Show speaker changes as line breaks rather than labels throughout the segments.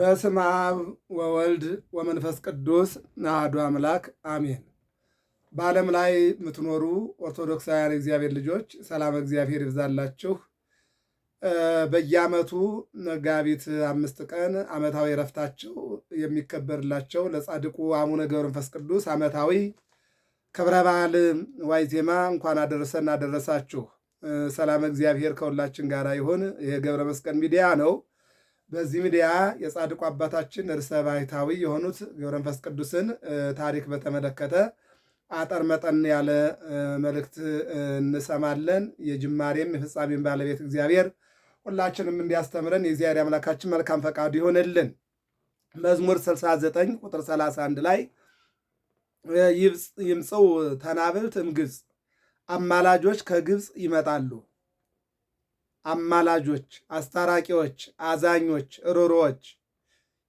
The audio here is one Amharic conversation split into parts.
በስመ አብ ወወልድ ወመንፈስ ቅዱስ አሐዱ አምላክ አሜን። በዓለም ላይ የምትኖሩ ኦርቶዶክሳውያን እግዚአብሔር ልጆች ሰላም እግዚአብሔር ይብዛላችሁ። በየዓመቱ መጋቢት አምስት ቀን ዓመታዊ እረፍታቸው የሚከበርላቸው ለጻድቁ አቡነ ገብረ መንፈስ ቅዱስ ዓመታዊ ክብረ በዓል ዋይዜማ እንኳን አደረሰን አደረሳችሁ። ሰላም እግዚአብሔር ከሁላችን ጋር ይሁን። ይህ ገብረ መስቀል ሚዲያ ነው። በዚህ ሚዲያ የጻድቁ አባታችን ርዕሰ ባሕታዊ የሆኑት ገብረ መንፈስ ቅዱስን ታሪክ በተመለከተ አጠር መጠን ያለ መልእክት እንሰማለን። የጅማሬም የፍጻሜም ባለቤት እግዚአብሔር ሁላችንም እንዲያስተምረን የእግዚአብሔር አምላካችን መልካም ፈቃዱ ይሆንልን። መዝሙር 69 ቁጥር 31 ላይ ይምጽው ተናብልት እምግብፅ አማላጆች ከግብፅ ይመጣሉ አማላጆች፣ አስታራቂዎች፣ አዛኞች፣ ሮሮዎች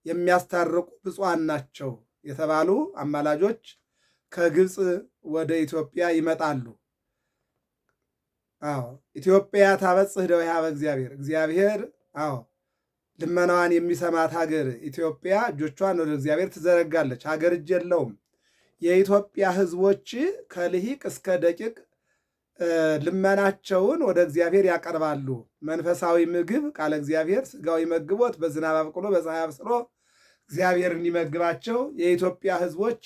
የሚያስታርቁ ብፁዓን ናቸው የተባሉ አማላጆች ከግብፅ ወደ ኢትዮጵያ ይመጣሉ። አዎ ኢትዮጵያ ታበጽሕ እደዊሃ በእግዚአብሔር እግዚአብሔር አዎ ልመናዋን የሚሰማት ሀገር ኢትዮጵያ እጆቿን ወደ እግዚአብሔር ትዘረጋለች። ሀገር እጅ የለውም። የኢትዮጵያ ሕዝቦች ከልሂቅ እስከ ደቂቅ ልመናቸውን ወደ እግዚአብሔር ያቀርባሉ። መንፈሳዊ ምግብ ቃለ እግዚአብሔር፣ ስጋዊ መግቦት በዝናብ አብቅሎ በፀሐይ አብስሎ እግዚአብሔር እንዲመግባቸው የኢትዮጵያ ሕዝቦች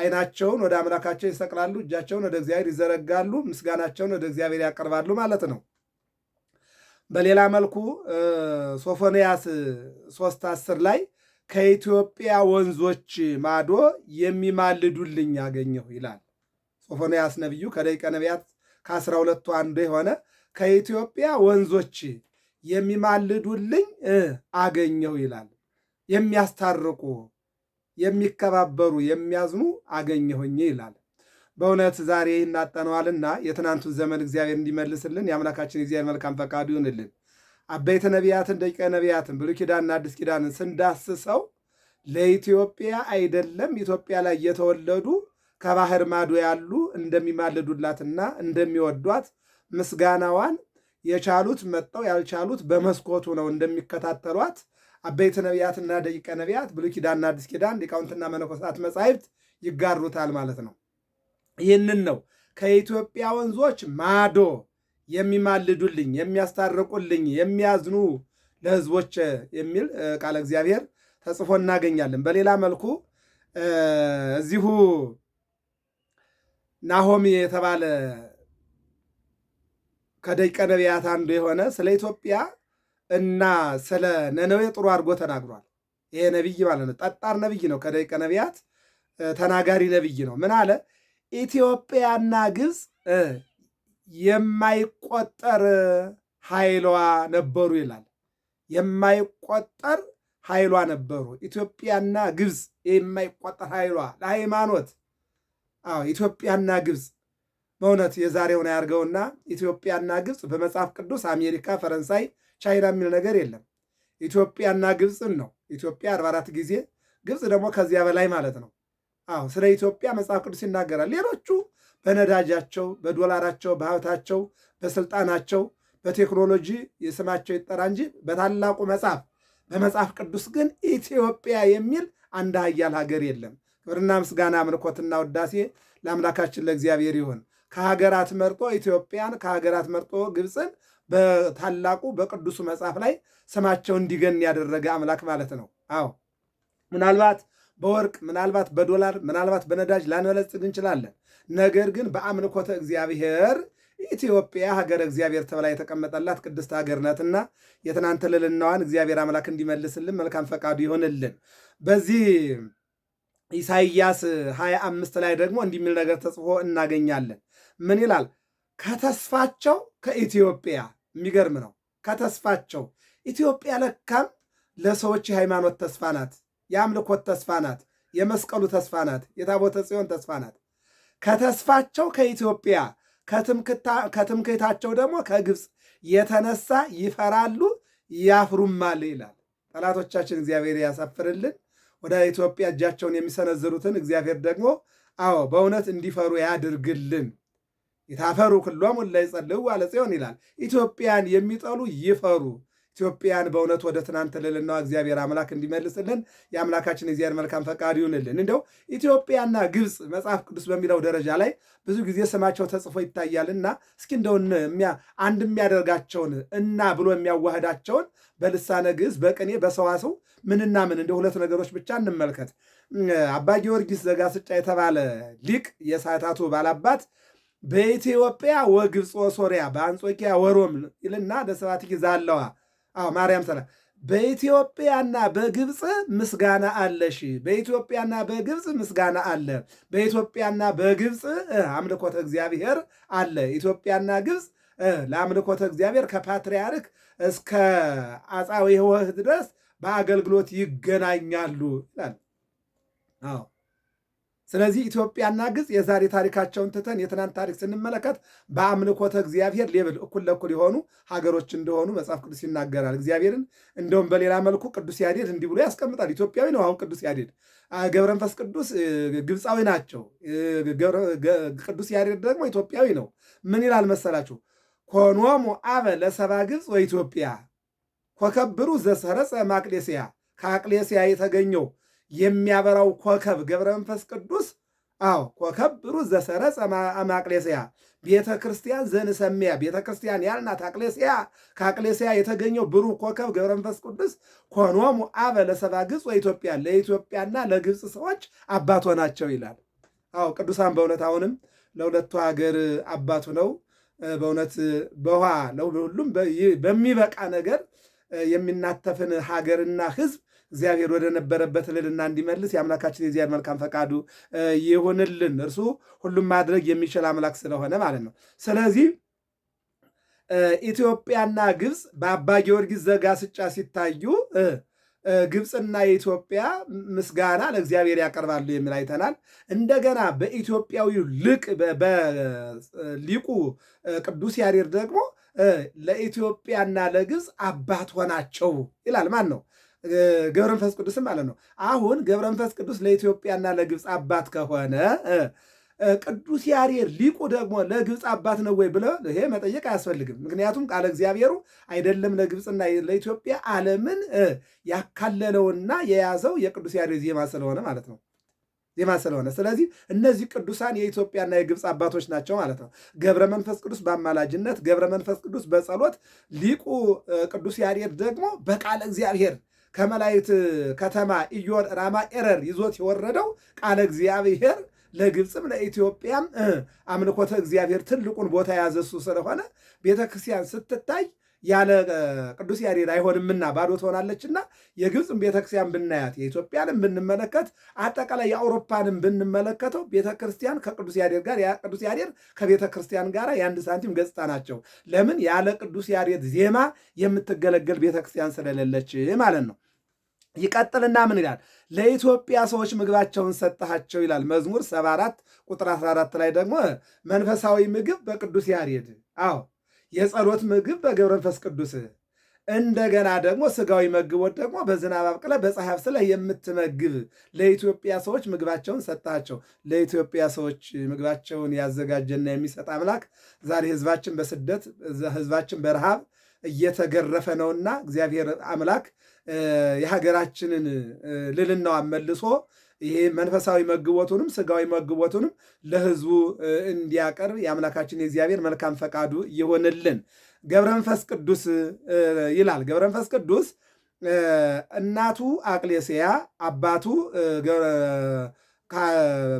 አይናቸውን ወደ አምላካቸው ይሰቅላሉ፣ እጃቸውን ወደ እግዚአብሔር ይዘረጋሉ፣ ምስጋናቸውን ወደ እግዚአብሔር ያቀርባሉ ማለት ነው። በሌላ መልኩ ሶፎንያስ ሶስት አስር ላይ ከኢትዮጵያ ወንዞች ማዶ የሚማልዱልኝ አገኘሁ ይላል። ሶፎንያስ ነቢዩ ከደቂቀ ነቢያት ከአስራ ሁለቱ አንዱ የሆነ ከኢትዮጵያ ወንዞች የሚማልዱልኝ አገኘው ይላል። የሚያስታርቁ የሚከባበሩ የሚያዝኑ አገኘሁኝ ይላል። በእውነት ዛሬ እናጠነዋልና የትናንቱን ዘመን እግዚአብሔር እንዲመልስልን የአምላካችን እግዚአብሔር መልካም ፈቃዱ ይሁንልን። አበይተ ነቢያትን ደቂቀ ነቢያትን ብሉይ ኪዳንና አዲስ ኪዳንን ስንዳስሰው ለኢትዮጵያ አይደለም ኢትዮጵያ ላይ የተወለዱ ከባህር ማዶ ያሉ እንደሚማልዱላትና እንደሚወዷት ምስጋናዋን የቻሉት መጠው ያልቻሉት በመስኮቱ ነው እንደሚከታተሏት አበይት ነቢያትና ደቂቀ ነቢያት ብሉይ ኪዳንና አዲስ ኪዳን ሊቃውንትና መነኮሳት መጻሕፍት ይጋሩታል ማለት ነው። ይህንን ነው ከኢትዮጵያ ወንዞች ማዶ የሚማልዱልኝ፣ የሚያስታርቁልኝ፣ የሚያዝኑ ለህዝቦች የሚል ቃለ እግዚአብሔር ተጽፎ እናገኛለን። በሌላ መልኩ እዚሁ ናሆሚ የተባለ ከደቂቀ ነቢያት አንዱ የሆነ ስለ ኢትዮጵያ እና ስለ ነነዌ ጥሩ አድርጎ ተናግሯል። ይሄ ነቢይ ማለት ነው። ጠጣር ነቢይ ነው። ከደቂቀ ነቢያት ተናጋሪ ነቢይ ነው። ምን አለ? ኢትዮጵያና ግብፅ የማይቆጠር ኃይሏ ነበሩ ይላል። የማይቆጠር ኃይሏ ነበሩ። ኢትዮጵያና ግብፅ የማይቆጠር ኃይሏ ለሃይማኖት አዎ ኢትዮጵያና ግብፅ በእውነት የዛሬውን ያርገውና ኢትዮጵያና ግብፅ በመጽሐፍ ቅዱስ አሜሪካ፣ ፈረንሳይ፣ ቻይና የሚል ነገር የለም። ኢትዮጵያና ግብፅን ነው። ኢትዮጵያ አርባ ጊዜ ግብፅ ደግሞ ከዚያ በላይ ማለት ነው። አዎ ስለ ኢትዮጵያ መጽሐፍ ቅዱስ ይናገራል። ሌሎቹ በነዳጃቸው፣ በዶላራቸው፣ በሀብታቸው፣ በስልጣናቸው፣ በቴክኖሎጂ የስማቸው ይጠራ እንጂ በታላቁ መጽሐፍ በመጽሐፍ ቅዱስ ግን ኢትዮጵያ የሚል አንድ ሀያል ሀገር የለም። ክብርና ምስጋና አምልኮትና ውዳሴ ለአምላካችን ለእግዚአብሔር ይሁን። ከሀገራት መርጦ ኢትዮጵያን ከሀገራት መርጦ ግብፅን በታላቁ በቅዱሱ መጽሐፍ ላይ ስማቸው እንዲገን ያደረገ አምላክ ማለት ነው። አዎ ምናልባት በወርቅ ምናልባት በዶላር ምናልባት በነዳጅ ላንበለጽግ እንችላለን። ነገር ግን በአምልኮተ እግዚአብሔር ኢትዮጵያ ሀገረ እግዚአብሔር ተብላ የተቀመጠላት ቅድስት ሀገር ናትና የትናንት ልልናዋን እግዚአብሔር አምላክ እንዲመልስልን መልካም ፈቃዱ ይሆንልን በዚህ ኢሳይያስ 25 ላይ ደግሞ እንዲህ የሚል ነገር ተጽፎ እናገኛለን። ምን ይላል? ከተስፋቸው ከኢትዮጵያ የሚገርም ነው። ከተስፋቸው ኢትዮጵያ ለካም ለሰዎች የሃይማኖት ተስፋ ናት፣ የአምልኮት ተስፋ ናት፣ የመስቀሉ ተስፋ ናት፣ የታቦተ ጽዮን ተስፋ ናት። ከተስፋቸው ከኢትዮጵያ ከትምክህታቸው ደግሞ ከግብፅ የተነሳ ይፈራሉ ያፍሩማል ይላል። ጠላቶቻችን እግዚአብሔር ያሳፍርልን። ወደ ኢትዮጵያ እጃቸውን የሚሰነዝሩትን እግዚአብሔር ደግሞ አዎ በእውነት እንዲፈሩ ያድርግልን። የታፈሩ ክሎሙ እለ ይጸልዩ አለ ጽዮን ይላል። ኢትዮጵያን የሚጠሉ ይፈሩ። ኢትዮጵያን በእውነት ወደ ትናንት ልዕልናዋ እግዚአብሔር አምላክ እንዲመልስልን የአምላካችን እግዚአብሔር መልካም ፈቃድ ይሁንልን። እንደው ኢትዮጵያና ግብፅ መጽሐፍ ቅዱስ በሚለው ደረጃ ላይ ብዙ ጊዜ ስማቸው ተጽፎ ይታያልና እስኪ እንደውን አንድ የሚያደርጋቸውን እና ብሎ የሚያዋህዳቸውን በልሳነ ግዕዝ በቅኔ በሰዋሰው ምንና ምን እንደ ሁለት ነገሮች ብቻ እንመልከት። አባ ጊዮርጊስ ዘጋስጫ የተባለ ሊቅ የሰዓታቱ ባላባት በኢትዮጵያ ወግብፅ ወሶሪያ በአንጾኪያ ወሮም ይልና ለሰባት ጊዜ አለዋ ማርያም ሰላም በኢትዮጵያና በግብፅ ምስጋና አለሽ። በኢትዮጵያና በግብፅ ምስጋና አለ። በኢትዮጵያና በግብፅ አምልኮተ እግዚአብሔር አለ። ኢትዮጵያና ግብፅ ለአምልኮተ እግዚአብሔር ከፓትርያርክ እስከ አጻዊ ሕወሕድ ድረስ በአገልግሎት ይገናኛሉ ይላል። አዎ ስለዚህ ኢትዮጵያና ግብፅ የዛሬ ታሪካቸውን ትተን የትናንት ታሪክ ስንመለከት በአምልኮተ እግዚአብሔር ሌብል እኩል ለኩል የሆኑ ሀገሮች እንደሆኑ መጽሐፍ ቅዱስ ይናገራል። እግዚአብሔርን እንደውም በሌላ መልኩ ቅዱስ ያዴድ እንዲህ ብሎ ያስቀምጣል። ኢትዮጵያዊ ነው። አሁን ቅዱስ ያዴድ፣ ገብረ መንፈስ ቅዱስ ግብፃዊ ናቸው። ቅዱስ ያዴድ ደግሞ ኢትዮጵያዊ ነው። ምን ይላል መሰላችሁ? ኮኖሙ አበ ለሰባ ግብፅ ወኢትዮጵያ ኮከብሩ ዘሰረፀ ማቅሌስያ ከአቅሌስያ የተገኘው የሚያበራው ኮከብ ገብረ መንፈስ ቅዱስ አዎ ኮከብ ብሩህ ዘሰረጸ አማቅሌስያ ቤተ ክርስቲያን ዘንሰሚያ ቤተ ክርስቲያን ያልናት አቅሌስያ ከአቅሌስያ የተገኘው ብሩህ ኮከብ ገብረ መንፈስ ቅዱስ ኮኖሙ አበ ለሰባ ግጽ ወኢትዮጵያ ለኢትዮጵያና ለግብፅ ሰዎች አባቶ ናቸው ይላል። አዎ ቅዱሳን በእውነት አሁንም ለሁለቱ ሀገር አባቱ ነው። በእውነት በውሃ ለሁሉም በሚበቃ ነገር የሚናተፍን ሀገርና ህዝብ እግዚአብሔር ወደ ነበረበት ልልና እንዲመልስ የአምላካችን የእግዚአብሔር መልካም ፈቃዱ ይሁንልን። እርሱ ሁሉም ማድረግ የሚችል አምላክ ስለሆነ ማለት ነው። ስለዚህ ኢትዮጵያና ግብፅ በአባ ጊዮርጊስ ዘጋስጫ ሲታዩ ግብፅና የኢትዮጵያ ምስጋና ለእግዚአብሔር ያቀርባሉ የሚል አይተናል። እንደገና በኢትዮጵያዊ ልቅ በሊቁ ቅዱስ ያሬድ ደግሞ ለኢትዮጵያና ለግብፅ አባት ሆናቸው ይላል። ማን ነው? ገብረ መንፈስ ቅዱስ ማለት ነው። አሁን ገብረ መንፈስ ቅዱስ ለኢትዮጵያና ለግብፅ አባት ከሆነ ቅዱስ ያሬድ ሊቁ ደግሞ ለግብፅ አባት ነው ወይ ብለ ይሄ መጠየቅ አያስፈልግም። ምክንያቱም ቃለ እግዚአብሔሩ አይደለም ለግብፅና ለኢትዮጵያ ዓለምን ያካለለውና የያዘው የቅዱስ ያሬድ ዜማ ስለሆነ ማለት ነው ዜማ ስለሆነ ስለዚህ እነዚህ ቅዱሳን የኢትዮጵያና የግብፅ አባቶች ናቸው ማለት ነው። ገብረ መንፈስ ቅዱስ በአማላጅነት ገብረ መንፈስ ቅዱስ በጸሎት ሊቁ ቅዱስ ያሬድ ደግሞ በቃለ እግዚአብሔር ከመላይት ከተማ ኢዮር ራማ ኤረር ይዞት የወረደው ቃለ እግዚአብሔር ለግብፅም ለኢትዮጵያም አምልኮተ እግዚአብሔር ትልቁን ቦታ የያዘ እሱ ስለሆነ ቤተ ክርስቲያን ስትታይ ያለ ቅዱስ ያሬድ አይሆንምና ባዶ ትሆናለችና የግብፅን ቤተክርስቲያን ብናያት የኢትዮጵያንም ብንመለከት አጠቃላይ የአውሮፓንም ብንመለከተው ቤተ ክርስቲያን ከቅዱስ ያሬድ ጋር ቅዱስ ያሬድ ከቤተ ክርስቲያን ጋር የአንድ ሳንቲም ገጽታ ናቸው። ለምን? ያለ ቅዱስ ያሬድ ዜማ የምትገለገል ቤተክርስቲያን ስለሌለች ማለት ነው። ይቀጥልና ምን ይላል? ለኢትዮጵያ ሰዎች ምግባቸውን ሰጠሃቸው ይላል። መዝሙር 74 ቁጥር 14 ላይ ደግሞ መንፈሳዊ ምግብ በቅዱስ ያሬድ፣ አዎ የጸሎት ምግብ በገብረ መንፈስ ቅዱስ፣ እንደገና ደግሞ ስጋዊ መግቦት ደግሞ በዝናብ አብቅለ በፀሐይ አብስለ የምትመግብ ለኢትዮጵያ ሰዎች ምግባቸውን ሰጠሃቸው። ለኢትዮጵያ ሰዎች ምግባቸውን ያዘጋጀና የሚሰጥ አምላክ ዛሬ ህዝባችን በስደት ህዝባችን በረሃብ እየተገረፈ ነውና እግዚአብሔር አምላክ የሀገራችንን ልልናዋን መልሶ ይሄ መንፈሳዊ መግቦቱንም ስጋዊ መግቦቱንም ለሕዝቡ እንዲያቀርብ የአምላካችን የእግዚአብሔር መልካም ፈቃዱ ይሆንልን። ገብረ መንፈስ ቅዱስ ይላል። ገብረ መንፈስ ቅዱስ እናቱ አቅሌስያ አባቱ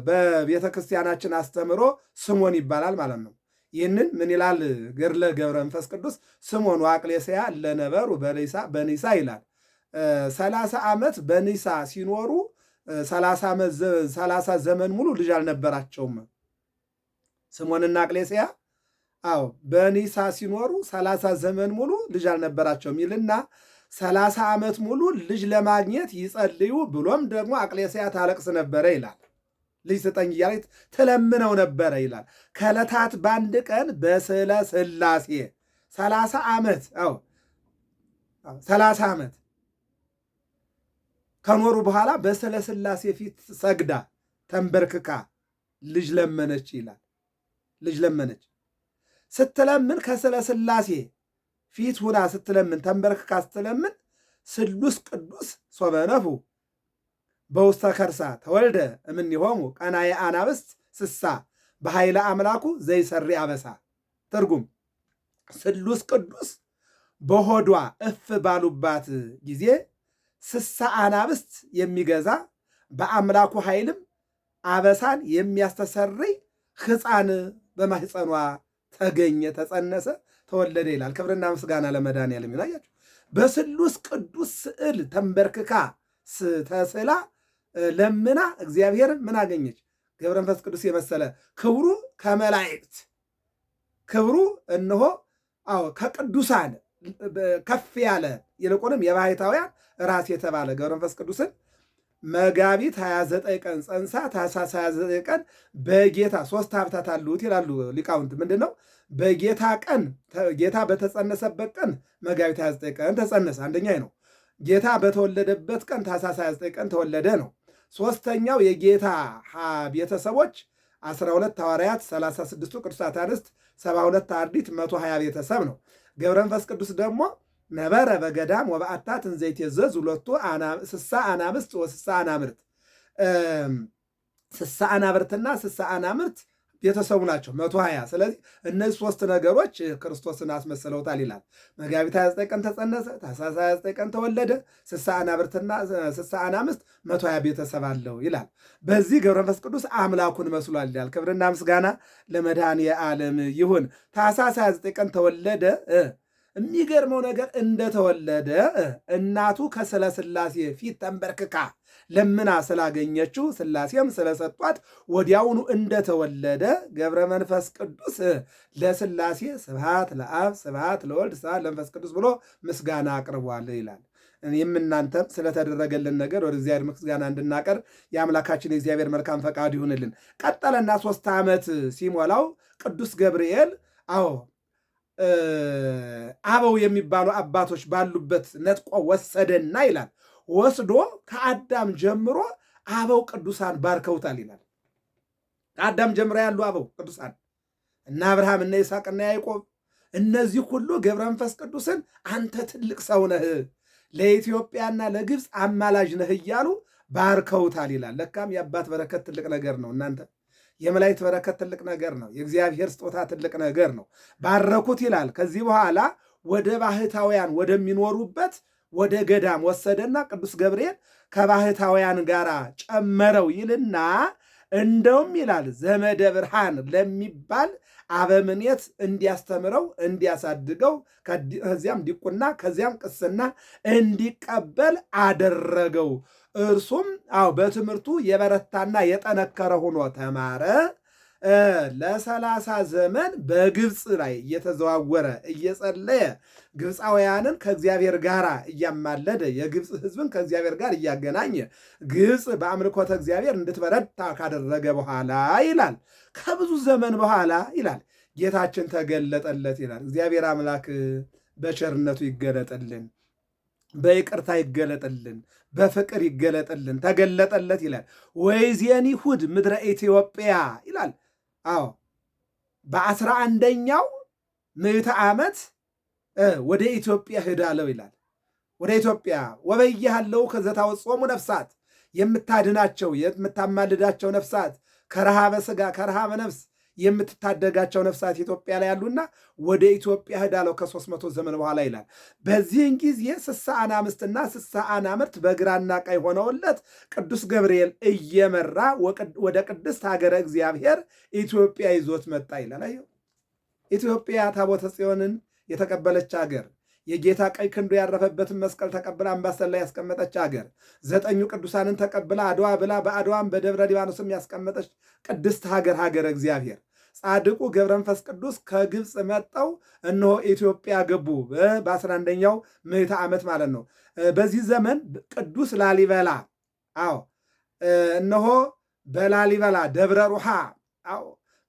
በቤተ ክርስቲያናችን አስተምሮ ስሞን ይባላል ማለት ነው። ይህንን ምን ይላል ገድለ ገብረ መንፈስ ቅዱስ ስሙን ዋቅሌስያ ለነበሩ በኒሳ ይላል። ሰላሳ ዓመት በኒሳ ሲኖሩ ሰላሳ ዘመን ሙሉ ልጅ አልነበራቸውም። ስሞንና አቅሌስያ አዎ በኒሳ ሲኖሩ ሰላሳ ዘመን ሙሉ ልጅ አልነበራቸውም ይልና ሰላሳ ዓመት ሙሉ ልጅ ለማግኘት ይጸልዩ ብሎም ደግሞ አቅሌስያ ታለቅስ ነበረ ይላል። ልጅ ስጠኝ እያለች ትለምነው ነበረ ይላል። ከዕለታት በአንድ ቀን በስለ ስላሴ ሰላሳ ዓመት አዎ ሰላሳ ዓመት ከኖሩ በኋላ በስለ ስላሴ ፊት ሰግዳ ተንበርክካ ልጅ ለመነች ይላል። ልጅ ለመነች። ስትለምን ከስለ ስላሴ ፊት ሁና ስትለምን ተንበርክካ ስትለምን ስሉስ ቅዱስ ሶበነፉ በውስተ ከርሳ ተወልደ እምኒሆሙ ቀናየ አናብስት ስሳ በኃይለ አምላኩ ዘይሰሪ አበሳ። ትርጉም ስሉስ ቅዱስ በሆዷ እፍ ባሉባት ጊዜ ስሳ አናብስት የሚገዛ በአምላኩ ኃይልም አበሳን የሚያስተሰርይ ሕፃን በማሕፀኗ ተገኘ፣ ተጸነሰ፣ ተወለደ ይላል። ክብርና ምስጋና ለመድኃኒዓለም ይሁን። አያችሁ በስሉስ ቅዱስ ስዕል ተንበርክካ ስተስላ ለምና እግዚአብሔር ምን አገኘች? ገብረ መንፈስ ቅዱስ የመሰለ ክብሩ ከመላእክት ክብሩ እነሆ አዎ ከቅዱሳን ከፍ ያለ ይልቁንም የባሕታውያን ራስ የተባለ ገብረ መንፈስ ቅዱስን መጋቢት 29 ቀን ጸንሳ ታኅሳስ 29 ቀን በጌታ ሶስት ሀብታት አሉት ይላሉ ሊቃውንት። ምንድን ነው? በጌታ ቀን ጌታ በተጸነሰበት ቀን መጋቢት 29 ቀን ተጸነሰ። አንደኛ ነው። ጌታ በተወለደበት ቀን ታኅሳስ 29 ቀን ተወለደ ነው። ሶስተኛው የጌታ ቤተሰቦች 12 ሐዋርያት፣ 36ቱ ቅዱሳት አንስት፣ 72 አርዲት፣ 120 ቤተሰብ ነው። ገብረ መንፈስ ቅዱስ ደግሞ ነበረ በገዳም ወበአታ ትንዘይት የዘዝ ሁለቱ ስሳ አናብስት ወስሳ አናምርት ስሳ አናብርትና ስሳ አናምርት ቤተሰቡ ናቸው መቶ ሀያ ስለዚህ እነዚህ ሶስት ነገሮች ክርስቶስን አስመስለውታል ይላል መጋቢት 29 ቀን ተጸነሰ ታኅሳስ 29 ቀን ተወለደ ስሳ አናብርትና ስሳ አናምስት መቶ ሀያ ቤተሰብ አለው ይላል በዚህ ገብረ መንፈስ ቅዱስ አምላኩን መስሏል ይላል ክብርና ምስጋና ለመድኃኔ ዓለም ይሁን ታኅሳስ 29 ቀን ተወለደ የሚገርመው ነገር እንደተወለደ እናቱ ከስለ ሥላሴ ፊት ተንበርክካ ለምና ስላገኘችው ስላሴም ስለሰጧት ወዲያውኑ እንደተወለደ ገብረ መንፈስ ቅዱስ ለስላሴ ስብሐት ለአብ ስብሐት ለወልድ ስብሐት ለመንፈስ ቅዱስ ብሎ ምስጋና አቅርቧል ይላል። የምናንተም ስለተደረገልን ነገር ወደ እግዚአብሔር ምስጋና እንድናቀርብ የአምላካችን የእግዚአብሔር መልካም ፈቃድ ይሁንልን። ቀጠለና ሶስት ዓመት ሲሞላው ቅዱስ ገብርኤል አዎ አበው የሚባሉ አባቶች ባሉበት ነጥቆ ወሰደና ይላል ወስዶ ከአዳም ጀምሮ አበው ቅዱሳን ባርከውታል ይላል። ከአዳም ጀምሮ ያሉ አበው ቅዱሳን እነ አብርሃም እነ ይስሐቅ እነ ያዕቆብ እነዚህ ሁሉ ገብረ መንፈስ ቅዱስን አንተ ትልቅ ሰው ነህ፣ ለኢትዮጵያና ለግብፅ አማላጅ ነህ እያሉ ባርከውታል ይላል። ለካም የአባት በረከት ትልቅ ነገር ነው። እናንተ የመላእክት በረከት ትልቅ ነገር ነው። የእግዚአብሔር ስጦታ ትልቅ ነገር ነው። ባረኩት ይላል። ከዚህ በኋላ ወደ ባህታውያን ወደሚኖሩበት ወደ ገዳም ወሰደና ቅዱስ ገብርኤል ከባህታውያን ጋር ጨመረው ይልና እንደውም ይላል ዘመደ ብርሃን ለሚባል አበምኔት እንዲያስተምረው እንዲያሳድገው፣ ከዚያም ዲቁና ከዚያም ቅስና እንዲቀበል አደረገው። እርሱም አዎ በትምህርቱ የበረታና የጠነከረ ሆኖ ተማረ። ለሰላሳ ዘመን በግብፅ ላይ እየተዘዋወረ እየጸለየ ግብፃውያንን ከእግዚአብሔር ጋር እያማለደ የግብፅ ሕዝብን ከእግዚአብሔር ጋር እያገናኘ ግብፅ በአምልኮተ እግዚአብሔር እንድትበረታ ካደረገ በኋላ ይላል ከብዙ ዘመን በኋላ ይላል ጌታችን ተገለጠለት ይላል። እግዚአብሔር አምላክ በቸርነቱ ይገለጥልን፣ በይቅርታ ይገለጥልን፣ በፍቅር ይገለጥልን። ተገለጠለት ይላል። ወይዜኒ ይሁድ ምድረ ኢትዮጵያ ይላል። አዎ በአስራ አንደኛው ምዕተ ዓመት ወደ ኢትዮጵያ ሄዳለው ይላል። ወደ ኢትዮጵያ ወበያሃለው ከዘታወጾሙ ነፍሳት የምታድናቸው የምታማልዳቸው ነፍሳት ከረሃበ ስጋ ከረሃበ ነፍስ የምትታደጋቸው ነፍሳት ኢትዮጵያ ላይ ያሉና ወደ ኢትዮጵያ ሄዳለው ከሶስት መቶ ዘመን በኋላ ይላል። በዚህን ጊዜ ስሳ አናምስትና ስሳ አናምርት በግራና ቀኝ ሆነውለት ቅዱስ ገብርኤል እየመራ ወደ ቅድስት ሀገረ እግዚአብሔር ኢትዮጵያ ይዞት መጣ ይላል። አየሁ ኢትዮጵያ ታቦተ ጽዮንን የተቀበለች ሀገር የጌታ ቀይ ክንዱ ያረፈበትን መስቀል ተቀብላ አምባሰል ላይ ያስቀመጠች ሀገር ዘጠኙ ቅዱሳንን ተቀብላ አድዋ ብላ በአድዋም በደብረ ሊባኖስም ያስቀመጠች ቅድስት ሀገር ሀገረ እግዚአብሔር ጻድቁ ገብረ መንፈስ ቅዱስ ከግብፅ መጣው እነሆ ኢትዮጵያ ገቡ በ11ኛው ምዕተ ዓመት ማለት ነው። በዚህ ዘመን ቅዱስ ላሊበላ አዎ እነሆ በላሊበላ ደብረ ሩሃ አዎ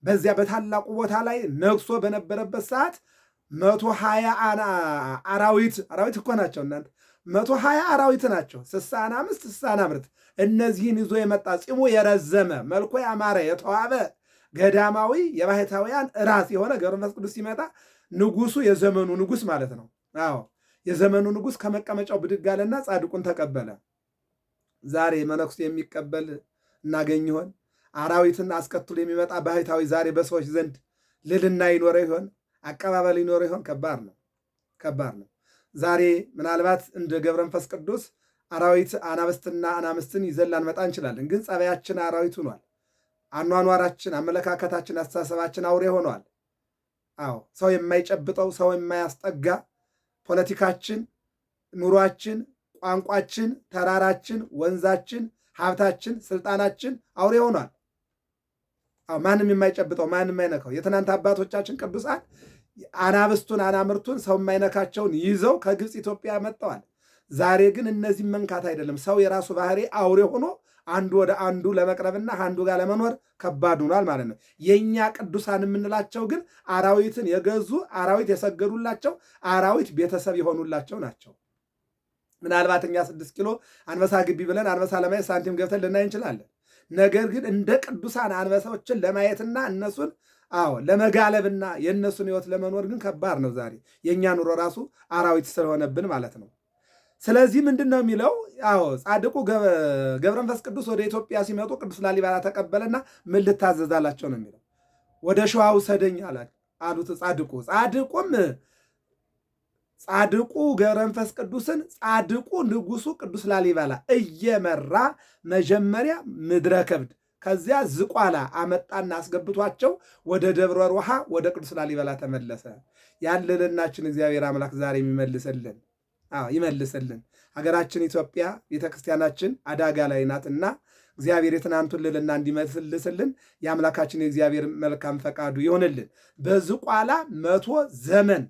በዚያ በታላቁ ቦታ ላይ ነግሶ በነበረበት ሰዓት መቶ ሀያ አራዊት አራዊት እኮ ናቸው እናንተ መቶ ሀያ አራዊት ናቸው። ስሳና አምስት ስሳና ምርት እነዚህን ይዞ የመጣ ፂሙ የረዘመ መልኮ ያማረ የተዋበ ገዳማዊ የባህታውያን ራስ የሆነ ገብረ መንፈስ ቅዱስ ሲመጣ ንጉሱ የዘመኑ ንጉስ ማለት ነው። አዎ የዘመኑ ንጉስ ከመቀመጫው ብድግ አለና ጻድቁን ተቀበለ። ዛሬ መነኩሴ የሚቀበል እናገኝ ይሆን? አራዊትን አስከትሎ የሚመጣ ባህታዊ ዛሬ በሰዎች ዘንድ ልልና ይኖረ ይሆን? አቀባበል ይኖረ ይሆን? ከባድ ነው፣ ከባድ ነው። ዛሬ ምናልባት እንደ ገብረ መንፈስ ቅዱስ አራዊት አናብስትና አናምስትን ይዘን ላንመጣ እንችላለን። ግን ጸባያችን አራዊት ሆኗል። አኗኗራችን፣ አመለካከታችን፣ አስተሳሰባችን አውሬ ሆኗል። አዎ ሰው የማይጨብጠው ሰው የማያስጠጋ ፖለቲካችን፣ ኑሯችን፣ ቋንቋችን፣ ተራራችን፣ ወንዛችን፣ ሀብታችን፣ ስልጣናችን አውሬ ሆኗል። አዎ ማንም የማይጨብጠው ማንም የማይነካው የትናንት አባቶቻችን ቅዱሳን አናብስቱን አናምርቱን ሰው የማይነካቸውን ይዘው ከግብፅ ኢትዮጵያ መጥተዋል። ዛሬ ግን እነዚህም መንካት አይደለም ሰው የራሱ ባህሪ አውሬ ሆኖ አንዱ ወደ አንዱ ለመቅረብና አንዱ ጋር ለመኖር ከባድ ሆኗል ማለት ነው። የእኛ ቅዱሳን የምንላቸው ግን አራዊትን የገዙ አራዊት የሰገዱላቸው አራዊት ቤተሰብ የሆኑላቸው ናቸው። ምናልባት እኛ ስድስት ኪሎ አንበሳ ግቢ ብለን አንበሳ ለማየት ሳንቲም ገብተን ልናይ እንችላለን። ነገር ግን እንደ ቅዱሳን አንበሳዎችን ለማየትና እነሱን አዎ ለመጋለብና የእነሱን ህይወት ለመኖር ግን ከባድ ነው። ዛሬ የእኛ ኑሮ ራሱ አራዊት ስለሆነብን ማለት ነው። ስለዚህ ምንድን ነው የሚለው? አዎ ጻድቁ ገብረ መንፈስ ቅዱስ ወደ ኢትዮጵያ ሲመጡ ቅዱስ ላሊባላ ተቀበለና ምን ልታዘዛላቸው ነው የሚለው? ወደ ሸዋ ውሰደኝ አሉት። ጻድቁ ጻድቁም ጻድቁ ገብረ መንፈስ ቅዱስን ጻድቁ ንጉሱ ቅዱስ ላሊባላ እየመራ መጀመሪያ ምድረ ከብድ ከዚያ ዝቋላ አመጣና አስገብቷቸው ወደ ደብረ ሮሃ ወደ ቅዱስ ላሊበላ ተመለሰ። ያለልናችን እግዚአብሔር አምላክ ዛሬ የሚመልስልን ይመልስልን። ሀገራችን ኢትዮጵያ ቤተክርስቲያናችን አደጋ ላይ ናትና እግዚአብሔር የትናንቱን ልልና እንዲመልስልን የአምላካችን የእግዚአብሔር መልካም ፈቃዱ ይሆንልን። በዝቋላ መቶ ዘመን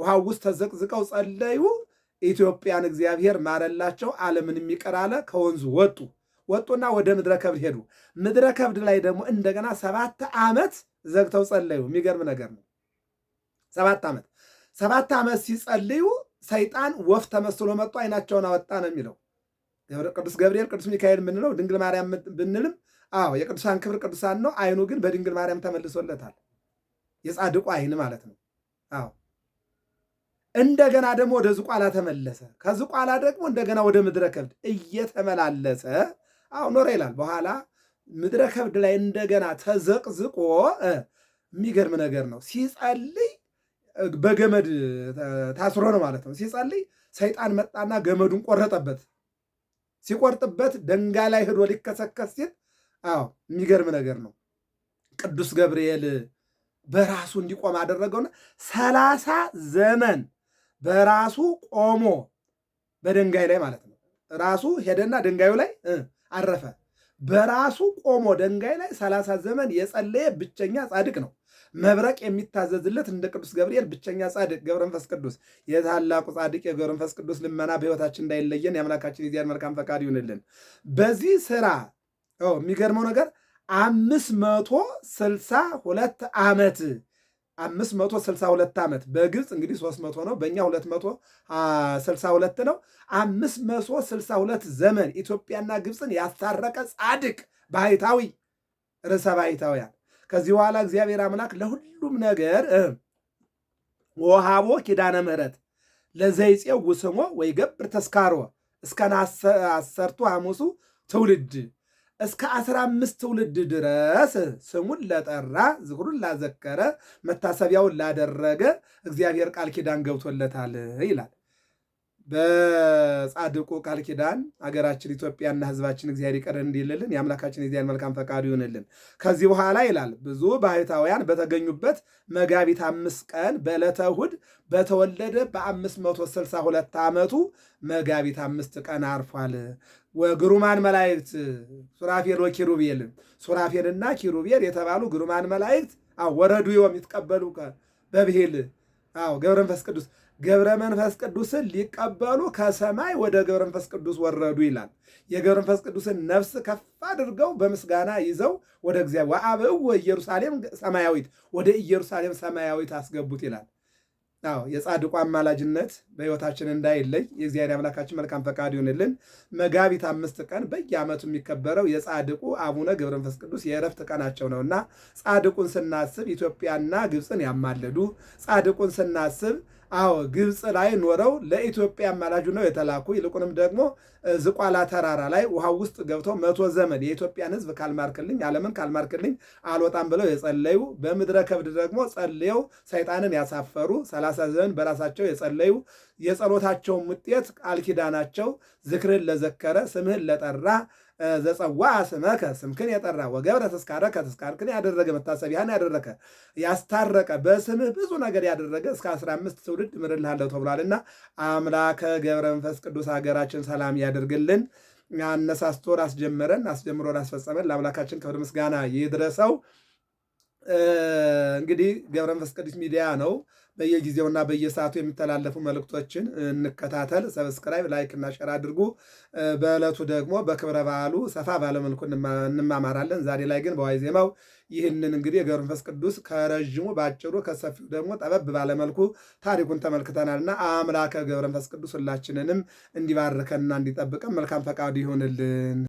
ውሃ ውስጥ ተዘቅዝቀው ጸለዩ። ኢትዮጵያን እግዚአብሔር ማረላቸው። ዓለምን የሚቀር አለ። ከወንዙ ወጡ ወጡና ወደ ምድረ ከብድ ሄዱ። ምድረ ከብድ ላይ ደግሞ እንደገና ሰባት ዓመት ዘግተው ጸለዩ። የሚገርም ነገር ነው። ሰባት ዓመት ሰባት ዓመት ሲጸልዩ ሰይጣን ወፍ ተመስሎ መጡ አይናቸውን አወጣ ነው የሚለው ቅዱስ ገብርኤል ቅዱስ ሚካኤል ምንለው ድንግል ማርያም ብንልም፣ አዎ የቅዱሳን ክብር ቅዱሳን ነው። አይኑ ግን በድንግል ማርያም ተመልሶለታል። የጻድቁ አይን ማለት ነው። አዎ እንደገና ደግሞ ወደ ዝቋላ ተመለሰ። ከዝቋላ ደግሞ እንደገና ወደ ምድረ ከብድ እየተመላለሰ አዎ ኖረ ይላል። በኋላ ምድረ ከብድ ላይ እንደገና ተዘቅዝቆ የሚገርም ነገር ነው ሲጸልይ በገመድ ታስሮ ነው ማለት ነው። ሲጸልይ ሰይጣን መጣና ገመዱን ቆረጠበት። ሲቆርጥበት ደንጋይ ላይ ሄዶ ሊከሰከስ ሲል፣ አዎ የሚገርም ነገር ነው። ቅዱስ ገብርኤል በራሱ እንዲቆም አደረገውና ሰላሳ ዘመን በራሱ ቆሞ በደንጋይ ላይ ማለት ነው። ራሱ ሄደና ደንጋዩ ላይ አረፈ። በራሱ ቆሞ ደንጋይ ላይ ሰላሳ ዘመን የጸለየ ብቸኛ ጻድቅ ነው። መብረቅ የሚታዘዝለት እንደ ቅዱስ ገብርኤል ብቸኛ ጻድቅ ገብረ መንፈስ ቅዱስ የታላቁ ጻድቅ የገብረ መንፈስ ቅዱስ ልመና በሕይወታችን እንዳይለየን የአምላካችን የእግዚአብሔር መልካም ፈቃድ ይሁንልን። በዚህ ስራ የሚገርመው ነገር አምስት መቶ ስልሳ ሁለት ዓመት አምስት መቶ ስልሳ ሁለት ዓመት በግብፅ እንግዲህ ሶስት መቶ ነው፣ በእኛ ሁለት መቶ ስልሳ ሁለት ነው። አምስት መቶ ስልሳ ሁለት ዘመን ኢትዮጵያና ግብፅን ያስታረቀ ጻድቅ ባህታዊ ርዕሰ ባህታውያን ከዚህ በኋላ እግዚአብሔር አምላክ ለሁሉም ነገር ወሃቦ ኪዳነ ምሕረት ለዘይፄው ውስሞ ወይ ገብር ተስካሮ እስከ አሰርቱ ሐሙሱ ትውልድ እስከ አስራ አምስት ትውልድ ድረስ ስሙን ለጠራ ዝክሩን ላዘከረ መታሰቢያውን ላደረገ እግዚአብሔር ቃል ኪዳን ገብቶለታል ይላል። በጻድቁ ቃል ኪዳን አገራችን ኢትዮጵያና ሕዝባችን እግዚአብሔር ይቅር እንዲልልን የአምላካችን የእግዚአብሔር መልካም ፈቃዱ ይሆንልን። ከዚህ በኋላ ይላል ብዙ ባሕታውያን በተገኙበት መጋቢት አምስት ቀን በዕለተ እሑድ በተወለደ በአምስት መቶ ስልሳ ሁለት ዓመቱ መጋቢት አምስት ቀን አርፏል። ወግሩማን መላእክት ሱራፌል ወኪሩቤል ሱራፌልና ኪሩቤል የተባሉ ግሩማን መላእክት ወረዱ ዮም ይትቀበሉ በብሄል ገብረ መንፈስ ቅዱስ ገብረ መንፈስ ቅዱስን ሊቀበሉ ከሰማይ ወደ ገብረ መንፈስ ቅዱስ ወረዱ ይላል። የገብረ መንፈስ ቅዱስን ነፍስ ከፍ አድርገው በምስጋና ይዘው ወደ እግዚአብሔር ወአብእው ኢየሩሳሌም ሰማያዊት ወደ ኢየሩሳሌም ሰማያዊት አስገቡት ይላል። አዎ የጻድቁ አማላጅነት በሕይወታችን እንዳይለይ የእግዚአብሔር አምላካችን መልካም ፈቃድ ይሆንልን። መጋቢት አምስት ቀን በየዓመቱ የሚከበረው የጻድቁ አቡነ ገብረ መንፈስ ቅዱስ የእረፍት ቀናቸው ነውና ጻድቁን ስናስብ ኢትዮጵያና ግብፅን ያማልዱ ጻድቁን ስናስብ አዎ ግብፅ ላይ ኖረው ለኢትዮጵያ አማላጅ ነው የተላኩ። ይልቁንም ደግሞ ዝቋላ ተራራ ላይ ውሃ ውስጥ ገብተው መቶ ዘመን የኢትዮጵያን ሕዝብ ካልማርክልኝ፣ ዓለምን ካልማርክልኝ አልወጣም ብለው የጸለዩ በምድረ ከብድ ደግሞ ጸልየው ሰይጣንን ያሳፈሩ ሰላሳ ዘመን በራሳቸው የጸለዩ የጸሎታቸውን ውጤት ቃል ኪዳናቸው ለዘከረ ስምህን ለጠራ ዘጸዋ ስመከ ስምክን የጠራ ወገብረ ተስካረከ ተስካርክን ያደረገ መታሰቢያን ያደረከ ያስታረቀ በስምህ ብዙ ነገር ያደረገ እስከ አስራ አምስት ትውልድ ምርልሃለሁ ተብሏልና አምላከ ገብረ መንፈስ ቅዱስ ሀገራችን ሰላም ያደርግልን። አነሳስቶ አስጀመረን አስጀምሮ አስፈጸመን ለአምላካችን ክብር ምስጋና ይድረሰው። እንግዲህ ገብረ መንፈስ ቅዱስ ሚዲያ ነው። በየጊዜውና በየሰዓቱ የሚተላለፉ መልእክቶችን እንከታተል። ሰብስክራይብ፣ ላይክ እና ሸር አድርጉ። በዕለቱ ደግሞ በክብረ በዓሉ ሰፋ ባለመልኩ እንማማራለን። ዛሬ ላይ ግን በዋይ ዜማው ይህንን እንግዲህ የገብረ መንፈስ ቅዱስ ከረዥሙ በአጭሩ ከሰፊው ደግሞ ጠበብ ባለመልኩ ታሪኩን ተመልክተናልና አምላከ ገብረ መንፈስ ቅዱስ ሁላችንንም እንዲባርከንና እንዲጠብቀን መልካም ፈቃዱ ይሆንልን።